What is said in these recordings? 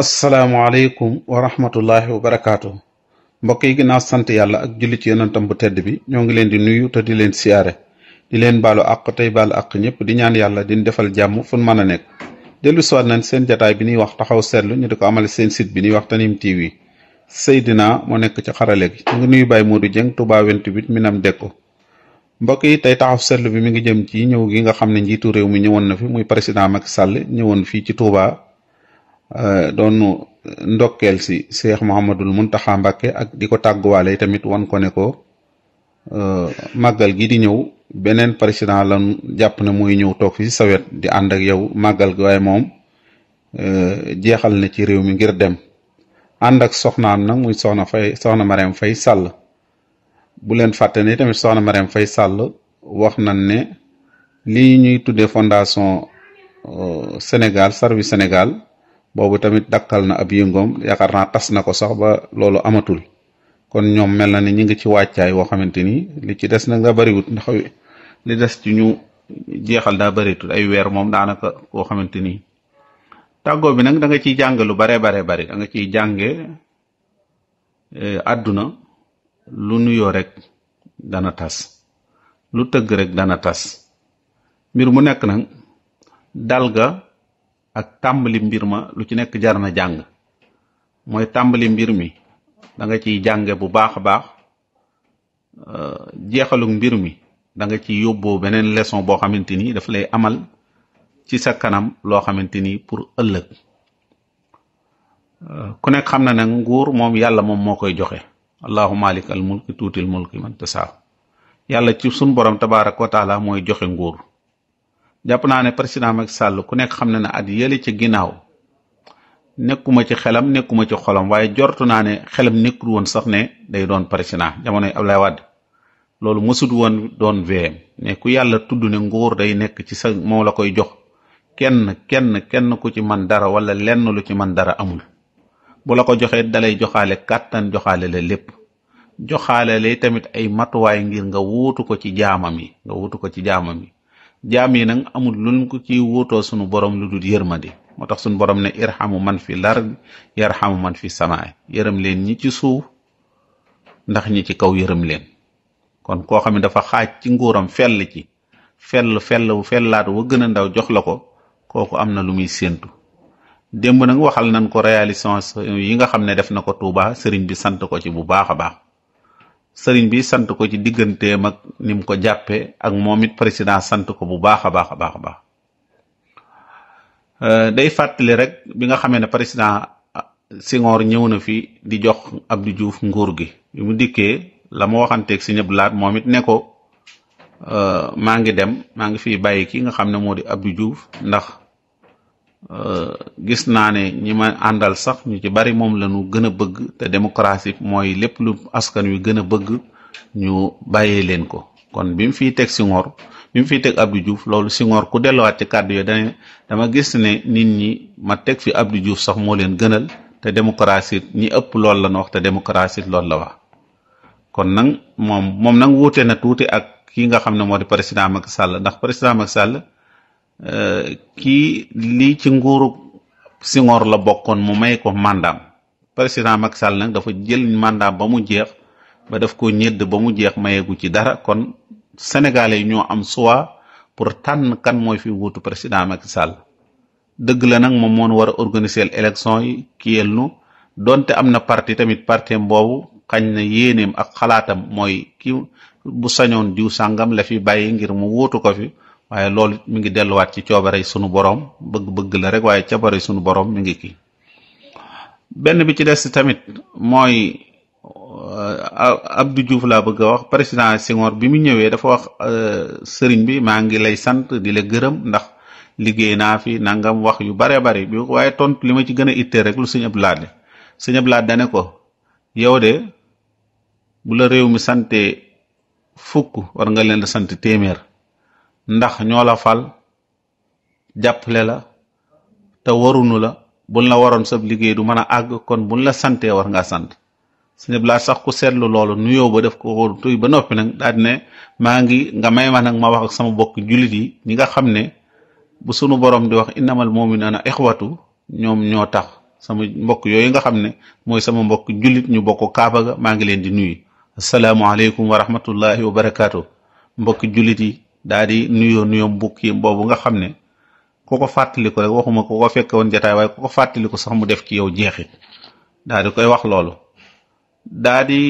asalaamualeykum wa rahmatullahi wa barakaatu mbokk yi ginaa sant yàlla ak julli ci yonentam bu tedd bi ñoo ngi leen di nuyu te di leen siyaare di leen baalu àq tey baalu àq ñëpp di ñaan yàlla di defal jàmm fu mën a nekk dellu siwaat nañ seen jataay bi ñuy wax taxaw seetlu ñu di ko amale seen sit bi ñuy wax Tanime TV Seydina moo nekk ci xarale gi ñu ngi nuyu Baye Modou Dieng Touba 28 Minam Dekko mbokk yi tey taxaw seetlu bi mi ngi jëm ci ñëw gi nga xam ne njiitu réew mi ñëwoon na fi muy président Macky Sall ñëwoon fii ci Touba Euh, doon ndokkeel si seex Muhammadul Muntaxa Mbàkke ak di ko tàgguwaale tamit wan ko ne ko euh, màggal gi di ñëw beneen président la jàpp na muy ñëw toog fi sawet di ànd ak yow màggal gi waaye moom euh, jeexal na ci réew mi ngir dem ànd ak soxnaam nag muy soxna fay soxna Marème Faye Sall bu leen fàtte tamit soxna Marème fay Sall wax nañ ne lii ñuy tuddee fondation Sénégal Service Sénégal boobu tamit dakkal na ab yëngoom yaakaar naa tas na ko sax ba loolu amatul kon ñoom mel na ni ñu ngi ci wàccaay woo xamante ni li ci des na nga bariwut ndax li des ci ñu jeexal daa baritul ay weer moom daanaka koo xamante ni tàggoo bi nag danga ciy jàng lu bare bare bari da ciy jànge eh, àdduna lu nuyoo rek dana tas lu tëgg rek dana tas mbir mu nekk nag dal ga ak tàmbali mbir ma lu ci nekk jar na jàng mooy tàmbali mbir mi danga ciy jànge bu baax a baax jeexalug mbir mi danga ci ciy yóbboo beneen leçon boo xamante ni daf lay amal ci sa kanam loo xamante ni pour ëllëg ku nekk xam na ne nguur moom yàlla moom moo koy joxe allahumma malik al mulki tuutil mulki man yàlla ci sun borom tabaaraka wa mooy joxe nguur jàpp naa ne président mag sàll ku nekk xam na ne at yële ca ginnaaw nekkuma ci xelam nekkuma ci xolam waaye jortu naa ne xelam nekkul woon sax ne day doon président ab Abdoulaye wàdd loolu mësut woon doon VM mais ku yàlla tudd ne nguur day nekk ci sa moo la koy jox kenn kenn kenn ku ci man dara wala lenn lu ci man dara amul bu la ko joxee dalay joxaale kàttan joxaale la lépp joxaale lay tamit ay matuwaay ngir nga wuutu ko ci jaamam yi nga wutu ko ci jaamam yi jaam yi nag amul lu ko ci wóotoo sunu borom lu dul di moo tax sunu borom ne irhamu man fi lar yarhamu man fi samaay yërëm leen ñi ci suuf ndax ñi ci kaw yërëm leen kon koo xam ne dafa xaaj ci nguuram fell ci fel fell fel fellaat wa gën a ndaw jox la ko kooku am na lu muy séentu démb nag waxal nañ ko réalisation yi nga xam ne def na ko Touba sëriñ bi sant ko ci bu baax a baax sëriñ bi sant ko ci digganteem ak ni mu ko jàppee ak moom it président sant ko bu baax a baax a baax a baax euh, day fàttali rek bi nga xamee ne président ah, Senghor ñëw na fi di jox Abdou juuf nguur gi bi mu dikkee la ma waxanteeg si ñëpp laat moom it ne ko euh, maa ngi dem maa ngi fiy bàyyi ki nga xam ne moo di Abdou juuf ndax Euh, gis naa ne ñi ma àndal sax ñu ci bari moom la ñu gën a bëgg te démocratie mooy lépp lu askan wi gën a bëgg ñu bàyyee leen ko kon bi mu fiy teg Senghor bi mu fi teg Abdou juuf loolu si Senghor ku delluwaat ci kàddu yi dane dama gis ne nit ñi ma teg fi Abdou juuf sax moo leen gënal te démocratie ñi ëpp loolu la ñu wax te démocratie loolu la wax kon nag moom moom nag wuute na tuuti ak ki nga xam ne moo di président Macky Sall ndax président Macky Sall Euh, kii lii ci nguuru Senghor la bokkoon mu may ko mandaam président Macky Sall nag dafa jël màndaam ba mu jeex ba def ko ñedd ba mu jeex mayeegu ci dara kon sénégalais yi ñoo am choix pour tànn kan mooy fi wuutu président Macky Sall dëgg la nag moom moon war a organiser élection yi kiyel nu donte am na parti tamit parti boobu xañ na yéeneem ak xalaatam mooy ki bu sañoon jiw sàngam la fi bàyyi ngir mu wuutu ko fi waaye loolu mi ngi delluwaat ci coobare sunu borom bëgg-bëgg la rek waaye coobare sunu borom mu ngi kii benn bi ci des tamit mooy euh, Abdou Diouf laa bëgg a wax président Senghor bi mu ñëwee dafa wax euh, sëriñ bi maa ngi lay sant di la gërëm ndax liggéey naa fi nangam wax yu bare bare waaye tontu li ma ci gën a ittee rek lu sëñ laa Lahad sëñ Abdou dane ko yow de bu la réew mi sante fukk war nga leen di sant téeméer ndax ñoo la fal jàppale la te warunu la buñ la waroon sab liggéey du mën a àgg kon buñ la santee war nga sant sëñ laa sax ku seetlu loolu nuyoo ba def ko wóor tuy ba noppi nag daal ne maa ngi nga may ma nag ma wax ak sama mbokk jullit yi ñi nga xam ne bu sunu borom di wax innamal mu'minuna ixwatu ñoom ñoo tax sama mbokk yooyu nga xam ne mooy sama mbokk jullit ñu bokk kaaba ga maa ngi leen di nuyu. asalaamaaleykum wa rahmatullahi wa barakaatu mbokk julit yi. daa di nuyoo nuyoo mbukki boobu nga xam ne ku ko fàttali ko rek waxuma ko ko fekke woon jataay waaye ku ko fàttaliku sax mu def ci yow jeexit daa di koy wax loolu daa di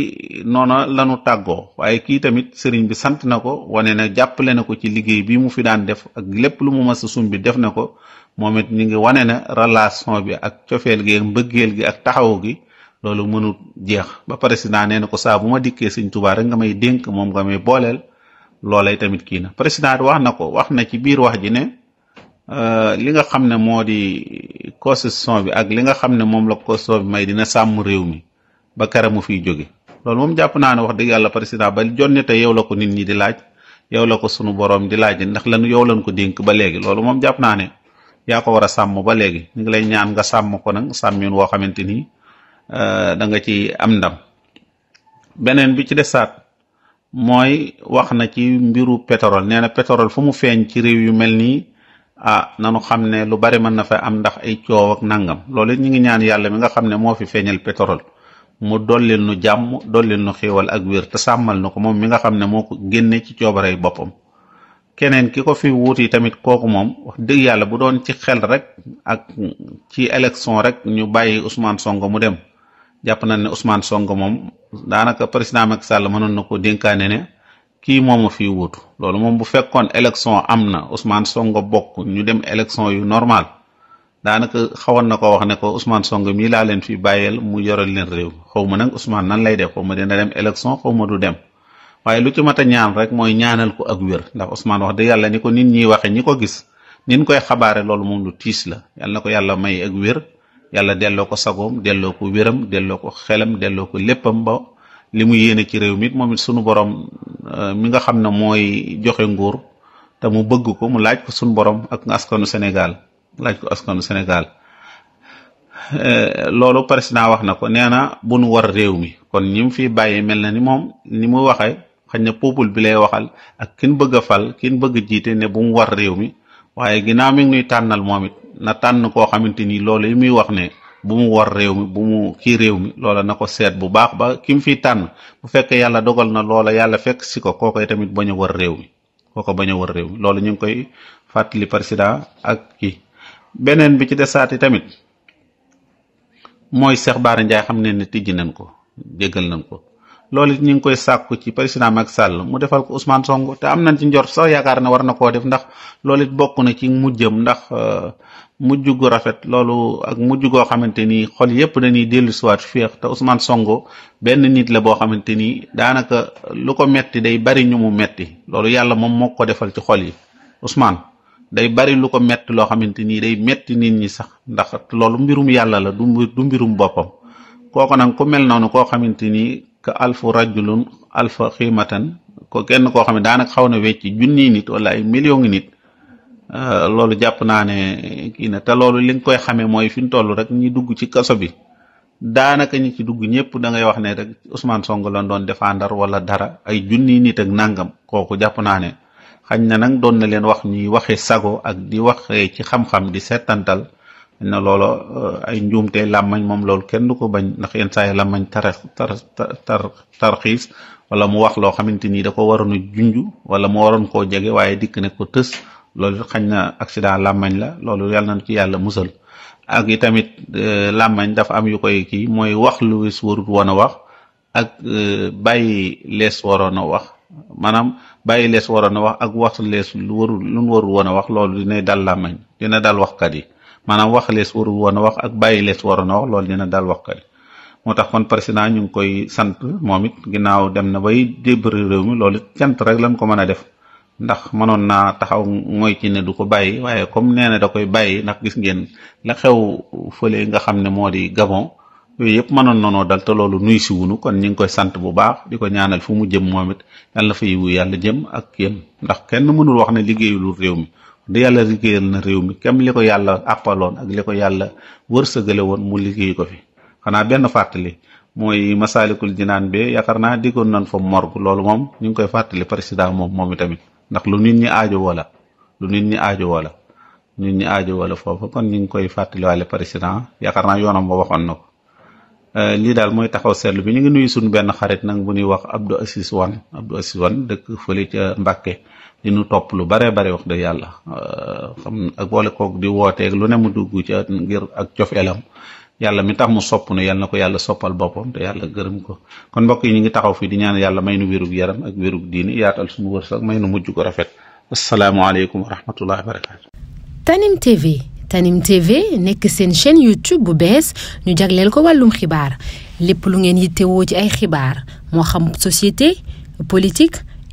noona lanu tàggoo waaye kii tamit sëriñ bi sant na ko wane na jàppale na ko ci liggéey bi mu fi daan def ak lépp lu mu mas a bi def na ko moom it ñu ngi wane na relation bi ak cofeel gi ak mbëggeel gi ak taxaw gi loolu mënut jeex ba président nee na ko saa bu ma dikkee sëñ Tuubaa rek nga may dénk moom booleel loolay tamit kii na président wax na ko wax na ci biir wax ji ne euh, li nga xam ne moo di constitution bi ak li nga xam ne moom la constitution bi may dina sàmm réew mi ba kara mu fiy jóge loolu moom jàpp naa ne wax dëgg yàlla président ba jonne te yow la ko nit ñi di laaj yow la ko sunu boroom di laaj ndax lan yow lañ ko dénk ba léegi loolu moom jàpp naa ne yaa ko war a sàmm ba léegi ñu ngi lay ñaan nga sàmm ko nag sàmmin woo xamante ni euh, danga ci am ndam beneen mooy wax na ci mbiru pétrole nee na pétrole fu mu feeñ ci réew yu mel nii ah nanu xam ne lu bari mën na fa am ndax ay coow ak nangam loolu it ñu ngi ñaan yàlla mi nga xam ne moo fi feeñal pétrole mu dollil nu jàmm dollil nu xéewal ak wér te sàmmal na ko moom mi nga xam ne moo ko génne ci coobaray boppam keneen ki ko fi wuut yi tamit kooku moom wax dëgg yàlla bu doon ci xel rek ak ci élection rek ñu bàyyi Ousmane Sonko mu dem jàpp nañ ne Ousmane Sonko moom daanaka président Macky Sall mënoon na ko dénkaane ne kii moomu fi wuutu loolu moom bu fekkoon élection am na Ousmane song bokk ñu dem élection yu normal daanaka xawoon na ko wax ne ko Ousmane song mii laa leen fi bàyyeel mu yoral leen réew xaw ma nag Ousmane nan lay def xaw ma dina dem élection xaw ma du dem waaye lu ci mat a ñaan rek mooy ñaanal ko ak wér ndax Ousmane wax dëgg yàlla ni ko nit ñi waxe ñi ko gis nin koy xabaare loolu moom lu tiis la na ko yàlla may ak wér yàlla delloo ko sagoom delloo ko wéram delloo ko xelam delloo ko léppam ba li mu yéene ci réew mi moom it sunu borom euh, mi nga xam ne mooy joxe nguur te mu bëgg ko mu laaj ko sunu borom ak askanu Sénégal laaj ko askanu Sénégal euh, loolu naa wax na ko nee na bu nu war réew mi kon ñi fi bàyyi mel na ni moom ni mu waxee xañ na peuple bi lay waxal ak kin bëgg fal kin bëgg jiite ne bu mu war réew mi waaye ginnaaw mi nuy tànnal moom it na tànn koo xamante ni loolu yi muy wax ne bu mu war réew mi bu mu kii réew mi loola na ko seet bu baax ba ki mu fiy tànn bu fekkee yàlla dogal na loola yàlla fekk si ko kookoy tamit bañ a war réew mi kooko bañ a war réew mi loolu ñu ngi koy fàttali président ak kii beneen bi ci desaati tamit mooy Cheikh Bara Ndiaye xam ne ne tijji nañ ko déggal nañ ko loolu it ñu ngi koy sàkku ci président Macky Sall mu defal ko Ousmane Sonko te am nañ ci njort sax yaakaar ne war na koo def ndax loolit it bokk na ci mujjam ndax euh, mujj gu rafet loolu ak mujj goo xamante ni xol yépp dañuy dellu siwaat féex te Ousmane songo benn nit la boo xamante ni daanaka lu ko metti day bari ñu mu metti loolu yàlla moom moo ko defal ci xol yi Ousmane day bari lu ko metti loo xamante nii day metti nit ñi sax ndax loolu mbirum yàlla la du du mbirum boppam ka alfu rajulun alfa xiimatan ko kenn koo xam ne daanaka xaw na wecc junniy nit wala ay million nit euh, loolu jàpp naa ne kii na te loolu li nga koy xamee mooy fi ñu toll rek ñi dugg ci kaso bi daanaka ñi ci dugg ñëpp da ngay wax ne rek Ousmane song la doon défendre wala dara ay junniy nit ak nangam kooku jàpp naa ne xañ na nag doon na leen wax ñuy waxee sago ak di waxee ci xam-xam di seetantal na loola eh, ay njuumte làmmañ moom loolu kenn du ko bañ ndax yenn saa yi làmmañ tar tar tar tarxiis wala mu wax loo xamante ni da ko waroon a junj wala mu waroon koo jege waaye dikk ne ko tës loolu xañ na accident làmmañ la loolu yàlla na ci yàlla musal ak i tamit eh, làmmañ dafa am yu koy kii mooy wax lu wees warut woon a wax ak eh, bàyyi lees waroon a wax maanaam bàyyi lees waroon a wax ak wax lees lu warul lu warul woon a wax loolu dina daal làmmañ dina dal waxkat yi maanaam wax lees warul woon a wax ak bàyyi lees waroon a wax loolu dina daal wax kat moo tax kon président ñu ngi koy sant moom it ginnaaw dem na bay débri réew mi loolu cant rek lañ ko mën a def ndax mënoon naa taxaw mooy ci ne du ko bàyyi waaye comme nee na da koy bàyyi ndax gis ngeen la xew fële nga xam ne moo di Gabon yooyu yëpp mënoon nanoo dal te loolu nuy siwunu kon ñu ngi koy sant bu baax di ko ñaanal fu mu jëm moom it yàlla fa yiwu yàlla jëm ak yëm ndax kenn mënul wax ne liggéeyulul réew mi di yàlla liggéeyal na réew mi kem li ko yàlla àppaloon ak li ko yàlla wërsëgale woon mu liggéey ko fi xanaa benn fàttali mooy masaalikul jinaan bi yaakaar naa diggoon nañ fa morgue loolu moom ñu ngi koy fàttali président moom moom itamit ndax lu nit ñi aajo wala lu nit ñi aajo wala nit ñi aajo wala foofu kon ñu ngi koy fàttaliwaale président yaakaar naa yoonam ba waxoon na ko euh, lii daal mooy taxaw seetlu bi ñu ngi nuy suñu benn xarit nag bu ñuy wax Abdou Assis Wan Abdou Assis Wan dëkk fële ca li topp lu baree bare wax dëgg yàlla euh, xam ak boole kook di wooteeg lu ne mu dugg ci ngir ak cofeelam yàlla mi tax mu sopp nu yàlla na ko yàlla soppal boppam te yàlla gërëm ko kon mbokk yi ñu ngi taxaw fii di ñaan yàlla may nu wérug yaram ak wérug diini yaatal suñu wërsëg may nu mujj ko rafet asalaamualeykum wa rahmatullahi wa barakatu Tanim TV Tanim TV nekk seen chaîne YouTube bu bees ñu jagleel ko wàllum xibaar lépp lu ngeen yittewoo ci ay xibaar moo xam société politique